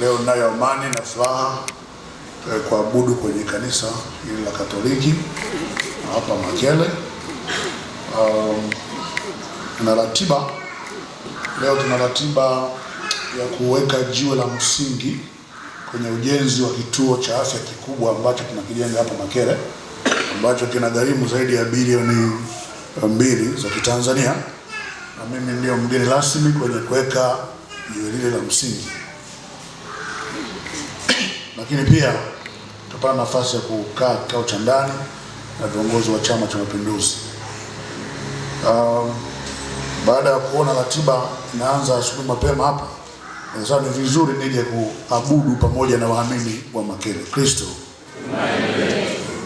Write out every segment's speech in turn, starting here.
Leo nayo amani na furaha e, kuabudu kwenye kanisa hili la Katoliki hapa Makele. Um, na ratiba leo tuna ratiba ya kuweka jiwe la msingi kwenye ujenzi wa kituo cha afya kikubwa ambacho tunakijenga hapa Makele ambacho kina gharimu zaidi ya bilioni eh, mbili za Kitanzania, na mimi ndio mgeni rasmi kwenye kuweka jiwe lile la msingi lakini pia tutapata nafasi ya kukaa kikao cha ndani na viongozi wa Chama cha Mapinduzi. Um, baada ya kuona ratiba inaanza asubuhi mapema hapa, sasa ni vizuri nije kuabudu pamoja na waamini wa Makere Kristo,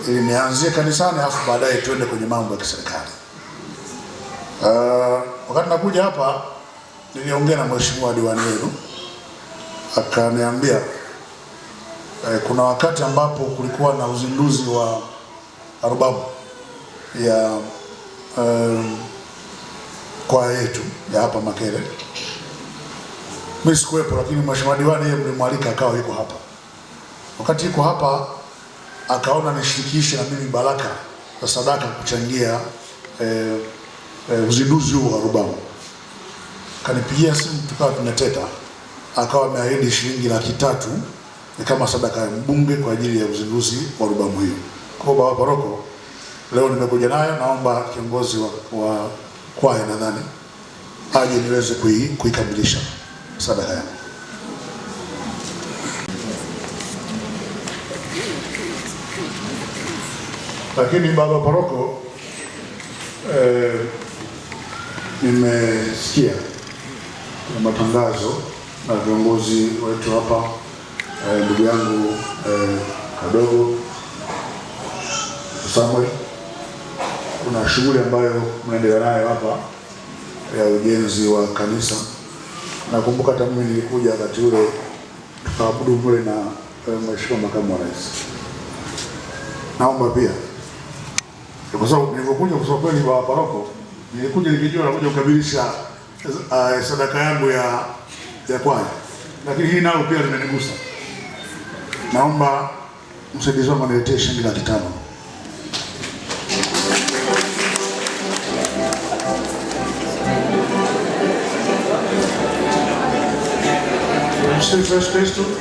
ili nianzie kanisani afu baadaye tuende kwenye mambo ya kiserikali. Uh, wakati nakuja hapa niliongea na mheshimiwa diwani wenu akaniambia eh, kuna wakati ambapo kulikuwa na uzinduzi wa albamu ya eh, kwaya yetu ya hapa Makere. Mimi sikuwepo, lakini mheshimiwa diwani yeye mlimwalika akawa yuko hapa. Wakati yuko hapa akaona nishirikishe na mimi baraka za sadaka kuchangia eh, eh, uzinduzi huu wa albamu. Kanipigia simu tukawa tumeteta, akawa ameahidi shilingi laki tatu ni kama sadaka ya mbunge kwa ajili ya uzinduzi wa rubamu hiyo. Kwa baba paroko, leo nimekuja nayo, naomba kiongozi wa, wa kwaya nadhani aje niweze kuikamilisha kui sadaka yangu. Lakini baba paroko, eh, nimesikia matangazo na viongozi wetu hapa Eh, ndugu yangu eh, kadogo Samuel, kuna shughuli ambayo mnaendelea nayo hapa ya ujenzi wa kanisa. Nakumbuka hata mimi nilikuja wakati ule tukaabudu mle na eh, mheshimiwa makamu wa rais. Naomba pia kwa sababu nilivyokuja, kwa sababu kweli wa paroko, nilikuja nikijua nakuja kukamilisha sadaka yangu ya ya kwaya, lakini hii nao pia limenigusa. Naomba msaidizi wangu aniletee shilingi laki tano. Msifu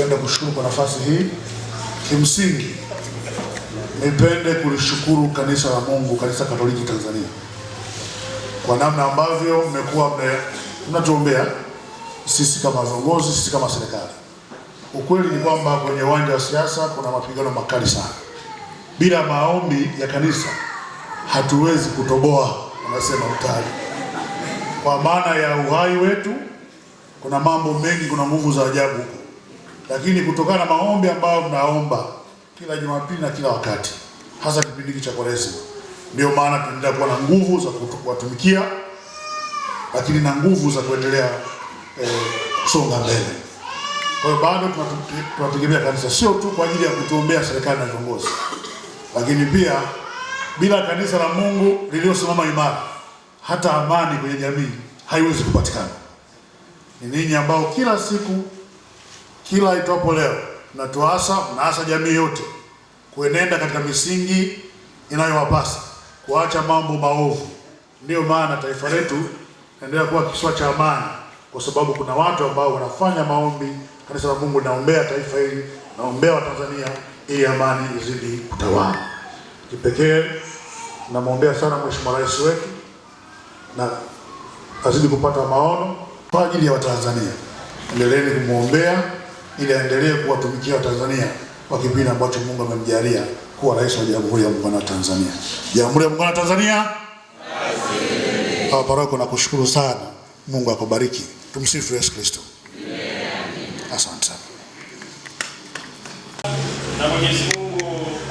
Nipende kushukuru kwa nafasi hii. Kimsingi nipende kulishukuru kanisa la Mungu, kanisa Katoliki Tanzania kwa namna ambavyo mmekuwa mnatuombea sisi kama viongozi, sisi kama serikali. Ukweli ni kwamba kwenye uwanja wa siasa kuna mapigano makali sana. Bila maombi ya kanisa hatuwezi kutoboa, unasema utali, kwa maana ya uhai wetu. Kuna mambo mengi, kuna nguvu za ajabu lakini kutokana na maombi ambayo mnaomba kila Jumapili na kila wakati, hasa kipindi cha Kwaresima, ndio maana tunaendelea kuwa na nguvu za kuwatumikia, lakini na nguvu za kuendelea eh, kusonga eh, mbele. Kwa hiyo bado tunategemea kanisa sio tu kwa ajili ya kutuombea serikali na viongozi, lakini pia bila kanisa la Mungu lililosimama imara, hata amani kwenye jamii haiwezi kupatikana. Ni ninyi ambao kila siku kila itapo leo natuasa naasa jamii yote kuenenda katika misingi inayowapasa kuacha mambo maovu. Ndiyo maana taifa letu naendelea kuwa kisiwa cha amani, kwa sababu kuna watu ambao wanafanya maombi. Kanisa la Mungu naombea taifa hili, naombea Watanzania ili amani izidi kutawala. Kipekee namwombea sana Mheshimiwa Rais wetu na azidi kupata maono kwa ajili ya Watanzania. Endeleeni kumwombea ili aendelee kuwatumikia Watanzania kwa kipindi ambacho Mungu amemjalia kuwa rais wa Jamhuri ya Muungano wa Tanzania. Jamhuri ya Muungano wa Tanzania. Baba paroko, nakushukuru sana. Mungu akubariki. Tumsifu Yesu Kristo. Asante sana. Na Mwenyezi Mungu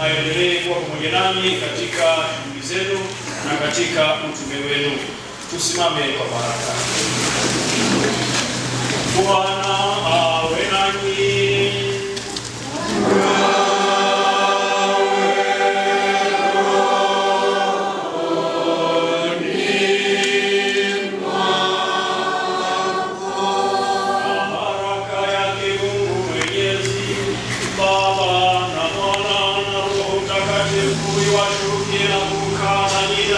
aendelee kuwa pamoja nami katika juhudi zenu na katika utume wenu. Tusimame kwa baraka. Bwana ah, Господь, Богу, Бога не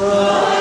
даємо.